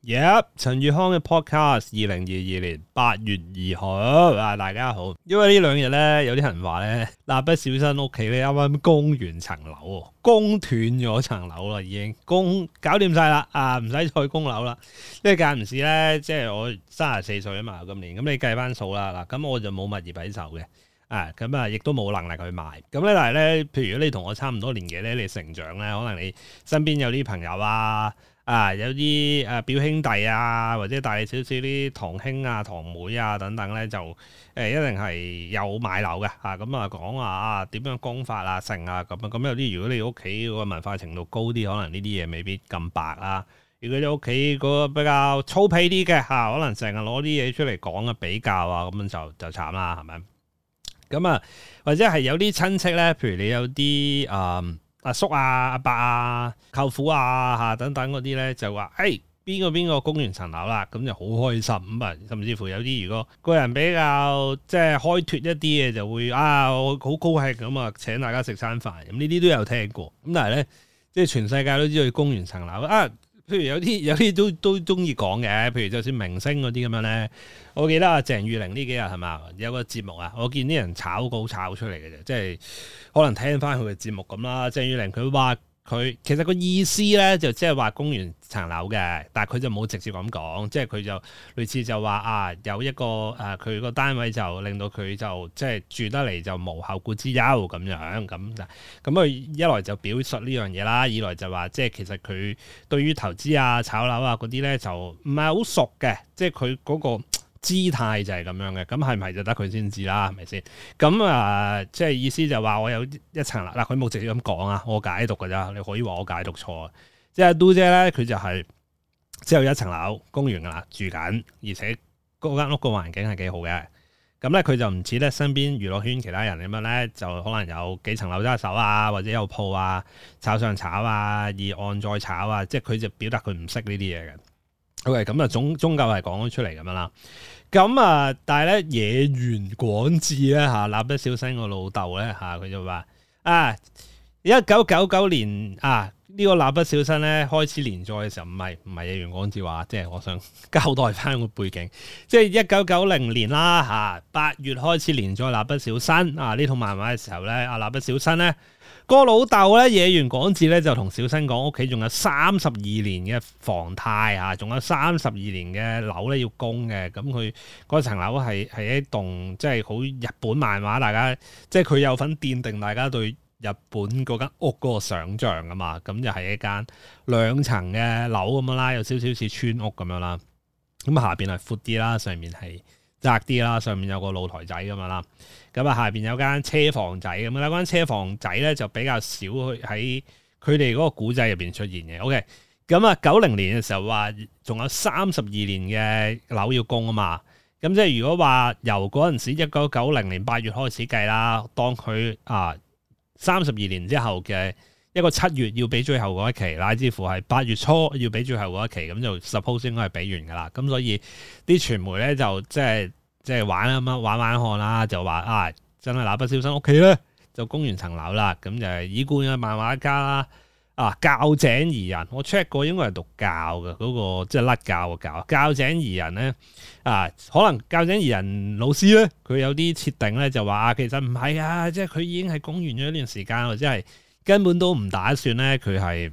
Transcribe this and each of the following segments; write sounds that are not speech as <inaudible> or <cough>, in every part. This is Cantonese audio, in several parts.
吔，Yep, 陳宇康嘅 podcast，二零二二年八月二號啊，大家好。因為呢兩日咧有啲人話咧，蠟筆小新屋企咧啱啱供完層樓，供斷咗層樓啦，已經供搞掂晒啦，啊，唔使再供樓啦。呢間唔是咧，即係我三十四歲啊嘛，今年咁你計翻數啦，嗱，咁我就冇物業喺手嘅，啊，咁啊，亦都冇能力去買。咁咧，但係咧，譬如你同我差唔多年紀咧，你成長咧，可能你身邊有啲朋友啊。啊，有啲誒、啊、表兄弟啊，或者大少少啲堂兄啊、堂妹啊等等咧，就誒、哎、一定係有買樓嘅。咁啊，講、嗯、啊，點樣供法啊、成啊咁啊。咁有啲如果你屋企個文化程度高啲，可能呢啲嘢未必咁白啦。如果你屋企個比較粗鄙啲嘅嚇，可能成日攞啲嘢出嚟講啊，比較啊，咁樣就就慘啦，係咪？咁啊，或者係有啲親戚咧，譬如你有啲嗯。嗯阿、啊、叔啊、阿伯啊、舅父啊、嚇等等嗰啲咧，就話：誒、哎、邊個邊個供完層樓啦，咁就好開心咁啊！甚至乎有啲如果個人比較即係開脱一啲嘅，就會啊，我好高興咁啊，請大家食餐飯咁，呢啲都有聽過。咁但係咧，即係全世界都知道佢供完層樓啊！譬如有啲有啲都都中意講嘅，譬如就算明星嗰啲咁樣咧，我記得阿鄭裕玲呢幾日係咪有個節目啊，我見啲人炒稿炒出嚟嘅啫，即係可能聽返佢嘅節目咁啦。鄭裕玲佢話。佢其實個意思咧就即係話供完層樓嘅，但係佢就冇直接咁講，即係佢就類似就話啊，有一個誒佢個單位就令到佢就即係住得嚟就無後顧之憂咁樣，咁就咁佢一來就表述呢樣嘢啦，二來就話即係其實佢對於投資啊、炒樓啊嗰啲咧就唔係好熟嘅，即係佢嗰個。姿態就係咁樣嘅，咁係唔係就得佢先知啦？係咪先？咁啊、呃，即係意思就話我有一層樓喇，佢冇直接咁講啊，我解讀㗎咋？你可以話我解讀錯，即係 Doo 姐咧，佢就係只有一層樓，公寓啦，住緊，而且嗰間屋個環境係幾好嘅。咁咧佢就唔似咧身邊娛樂圈其他人咁樣咧，就可能有幾層樓揸手啊，或者有鋪啊，炒上炒啊，二按再炒啊，即係佢就表達佢唔識呢啲嘢嘅。OK，咁啊，總宗教係講咗出嚟咁樣啦。咁啊，但係咧野原廣志咧嚇，蠟筆小新個老豆咧嚇，佢就話啊，一九九九年啊。呢個蠟筆小新咧開始連載嘅時候，唔係唔係野原廣志話，即係我想交代翻個背景，即係一九九零年啦嚇，八月開始連載蠟筆小新啊呢套漫畫嘅時候咧，阿蠟筆小新咧個老豆咧野原廣志咧就同小新講，屋企仲有三十二年嘅房貸嚇，啊、仲有三十二年嘅樓咧要供嘅。咁佢嗰層樓係係一棟即係好日本漫畫，大家即係佢有份奠定大家對。日本嗰間屋嗰個想像啊嘛，咁就係、是、一間兩層嘅樓咁樣啦，有少少似村屋咁樣啦。咁下邊係闊啲啦，上面係窄啲啦，上面有個露台仔咁樣啦。咁啊下邊有間車房仔咁樣啦，嗰間車房仔咧就比較少去喺佢哋嗰個古仔入邊出現嘅。OK，咁啊九零年嘅時候話仲有三十二年嘅樓要供啊嘛，咁即係如果話由嗰陣時一九九零年八月開始計啦，當佢啊～三十二年之後嘅一個七月要俾最後嗰一期，乃至乎係八月初要俾最後嗰一期，咁就 suppose 應該係俾完噶啦。咁所以啲傳媒咧就即係即係玩啊，玩玩看啦，就話啊，真係蠟筆小新屋企咧，就供完層樓啦，咁就以觀嘅漫畫家啦。啊！臼井儀人，我 check 過應該係讀教嘅嗰、那個，即係甩臼嘅臼。臼井儀人咧，啊，可能臼井儀人老師咧，佢有啲設定咧就話啊，其實唔係啊，即係佢已經係供完咗一段時間，或者係根本都唔打算咧，佢係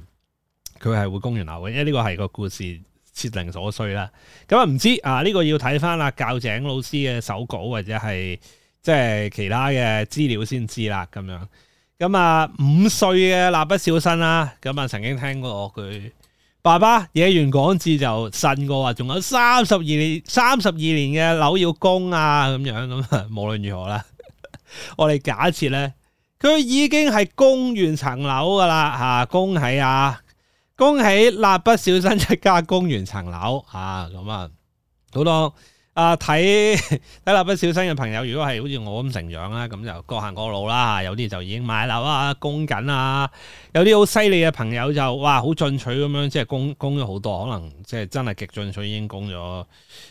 佢係會供完樓嘅，因為呢個係個故事設定所需啦。咁、嗯、啊，唔知啊，呢個要睇翻，啊，臼井老師嘅手稿或者係即係其他嘅資料先知啦，咁樣。咁啊、嗯，五歲嘅蠟筆小新啦，咁、嗯、啊、嗯、曾經聽過佢爸爸野原廣志就呻過話，仲有三十二年三十二年嘅樓要供啊，咁樣咁、嗯、啊，無論如何啦，我哋假設咧，佢已經係供完層樓噶啦，吓，恭喜啊，恭喜蠟筆小新一家供完層樓啊，咁、嗯、啊，好、嗯、多。嗯嗯嗯嗯嗯啊，睇睇蠟筆小新嘅朋友，如果係好似我咁成長啦，咁就各行各路啦。有啲就已經買樓啊，供緊啊；有啲好犀利嘅朋友就哇，好進取咁樣，即係供供咗好多，可能即係真係極進取，已經供咗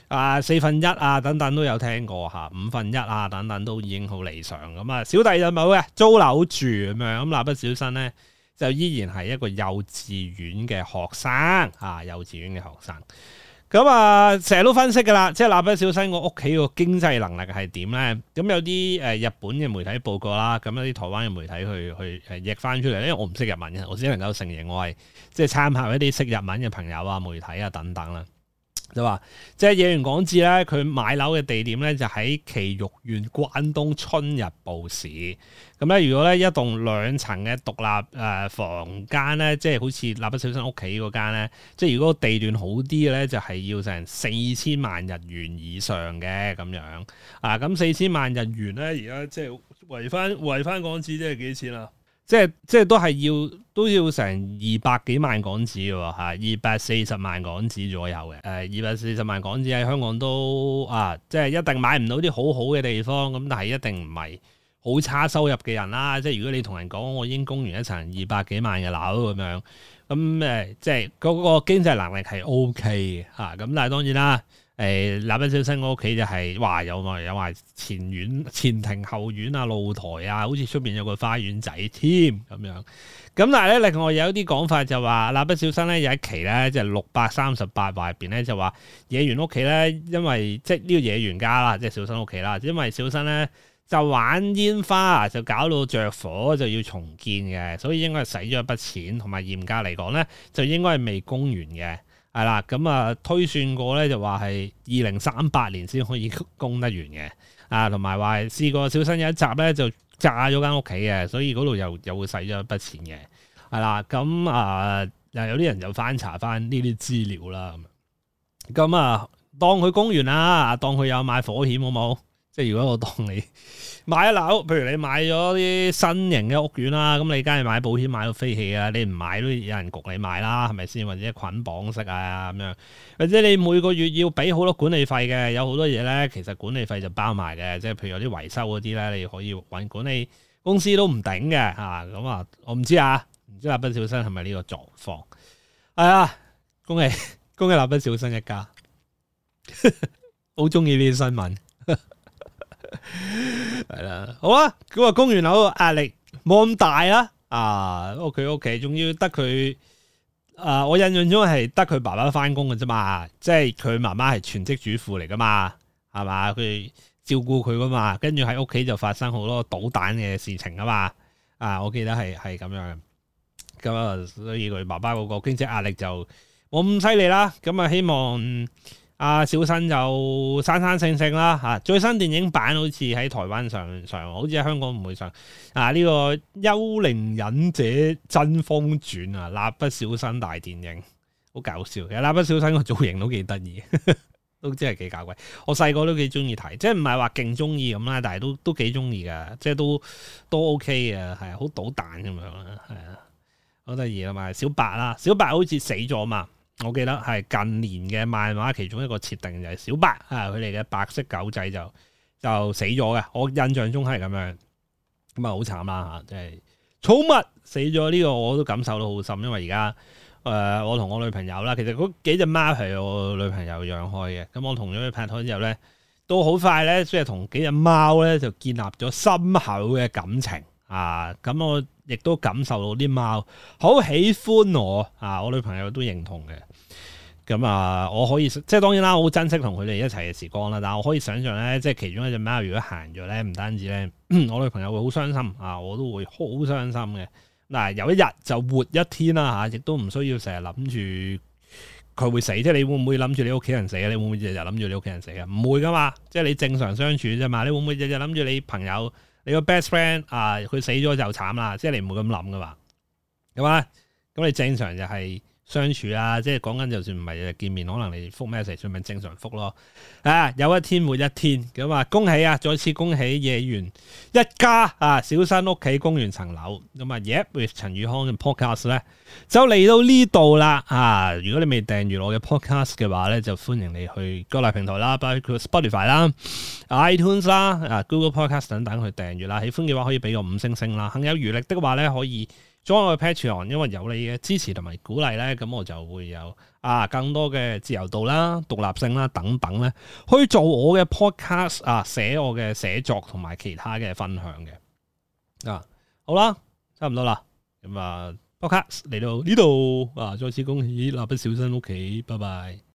啊四分一啊等等都有聽過嚇，啊，五分一啊等等都已經好理想咁啊。小弟就冇嘅，租樓住咁樣。咁蠟筆小新呢，就依然係一個幼稚園嘅學生啊，幼稚園嘅學生。咁啊，成日、嗯、都分析噶啦，即係蠟筆小新我屋企個經濟能力係點咧？咁、嗯、有啲誒日本嘅媒體報告啦，咁有啲台灣嘅媒體去去誒譯翻出嚟，因為我唔識日文嘅，我只能夠承認我係即係參考一啲識日文嘅朋友啊、媒體啊等等啦。就話，即係野原廣志咧，佢買樓嘅地點咧就喺、是、埼玉縣關東春日部市。咁、嗯、咧，如果咧一棟兩層嘅獨立誒、呃、房間咧，即係好似蠟筆小新屋企嗰間咧，即係如果地段好啲嘅咧，就係、是、要成四千萬日元以上嘅咁樣。啊，咁四千萬日元咧，而家即係維翻維翻港紙，即係幾錢啊？即係即係都係要都要成二百幾萬港紙嘅喎嚇，二百四十萬港紙左右嘅，誒、呃、二百四十萬港紙喺香港都啊，即係一定買唔到啲好好嘅地方咁，但係一定唔係好差收入嘅人啦、啊。即係如果你同人講我已經供完一層二百幾萬嘅樓咁樣，咁、啊、誒即係嗰個經濟能力係 OK 嘅嚇，咁、啊、但係當然啦。誒，蠟筆、欸、小新屋企就係、是、話有埋有埋前院、前庭、後院啊、露台啊，好似出面有個花園仔添、啊、咁樣。咁但係咧，另外有一啲講法就話、是，蠟筆小新咧有一期咧就六百三十八話，入邊咧就話野原屋企咧，因為即係呢個野原家啦，即、就、係、是、小新屋企啦，因為小新咧就玩煙花就搞到着火，就要重建嘅，所以應該係使咗一筆錢，同埋嚴格嚟講咧，就應該係未供完嘅。係啦，咁啊、嗯、推算過咧就話係二零三八年先可以供得完嘅。啊同埋話試過小新有一集咧就炸咗間屋企嘅，所以嗰度又又會使咗一筆錢嘅，係、嗯、啦，咁啊又有啲人就翻查翻呢啲資料啦，咁、嗯、啊、嗯、當佢供完啦，當佢有買火險好冇？即如果我當你買樓，譬如你買咗啲新型嘅屋苑啦，咁你梗係買保險買到飛起啊！你唔買都有人焗你買啦，係咪先？或者捆綁式啊咁樣，或者你每個月要俾好多管理費嘅，有好多嘢咧，其實管理費就包埋嘅，即係譬如有啲維修嗰啲咧，你可以揾管理公司都唔頂嘅吓。咁啊，嗯、我唔知啊，唔知蠟筆小新係咪呢個狀況？係、哎、啊，恭喜恭喜，蠟筆小新一家好中意呢啲新聞。 <laughs> 係啦， <laughs> 好啦，咁啊，供完樓壓力冇咁大啦，啊。啊，OK OK，仲要得佢啊，我印象中係得佢爸爸翻工嘅啫嘛，即係佢媽媽係全職主婦嚟噶嘛，係嘛，佢照顧佢噶嘛，跟住喺屋企就發生好多搗蛋嘅事情啊嘛。啊，我記得係係咁樣，咁啊，所以佢爸爸嗰個經濟壓力就冇咁犀利啦。咁、嗯、啊，希望。阿、啊、小新就生生性性啦嚇，最新電影版好似喺台灣上上，好似喺香港唔會上。啊呢、呢個《幽靈忍者真風傳》啊，蠟筆小新大電影好搞笑，其實蠟筆小新個造型都幾得意，都真係幾搞鬼。我細個都幾中意睇，即係唔係話勁中意咁啦，但係都都幾中意㗎，即係都都 OK 嘅，係好搗蛋咁樣啦，係啊。好得意呀嘛，小白啦？小白好似死咗嘛？我記得係近年嘅漫畫，其中一個設定就係小白啊，佢哋嘅白色狗仔就就死咗嘅。我印象中係咁樣，咁啊好慘啦嚇！即係寵物死咗呢個，我都感受到好深，因為而家誒我同我女朋友啦，其實嗰幾隻貓係我女朋友養開嘅。咁我同咗佢拍拖之後咧，都好快咧，即係同幾隻貓咧就建立咗深厚嘅感情啊！咁我，亦都感受到啲貓好喜歡我啊！我女朋友都認同嘅，咁、嗯、啊，我可以即係當然啦，我好珍惜同佢哋一齊嘅時光啦。但係我可以想像咧，即係其中一隻貓如果行咗咧，唔單止咧，我女朋友會好傷心啊，我都會好傷心嘅。嗱，有一日就活一天啦嚇，亦都唔需要成日諗住佢會死。即係你會唔會諗住你屋企人死啊？你會唔會日日諗住你屋企人死啊？唔會㗎嘛，即係你正常相處啫嘛。你會唔會日日諗住你朋友？你個 best friend 啊，佢死咗就慘啦，即係你唔會咁諗噶嘛，係嘛？咁你正常就係、是。相處啊，即係講緊，就算唔係日日見面，可能你覆 message，算唔算正常覆咯？啊，有一天活一天咁啊！恭喜啊，再次恭喜野原一家啊，小新屋企供完層樓咁啊！Yeah，with、啊、陳宇康嘅 podcast 咧，就嚟到呢度啦啊！如果你未訂閱我嘅 podcast 嘅話咧，就歡迎你去各大平台啦，包括、啊、Spotify 啦、啊、iTunes 啦、啊 Google Podcast 等等去訂閱啦。喜歡嘅話可以俾個五星星啦，肯有餘力的話咧可以。在我 patreon，因為有你嘅支持同埋鼓勵咧，咁我就會有啊更多嘅自由度啦、獨立性啦等等咧，去做我嘅 podcast 啊、寫我嘅寫作同埋其他嘅分享嘅啊，好啦，差唔多啦，咁啊，podcast 嚟到呢度啊，再次恭喜蠟筆小新屋企，拜拜。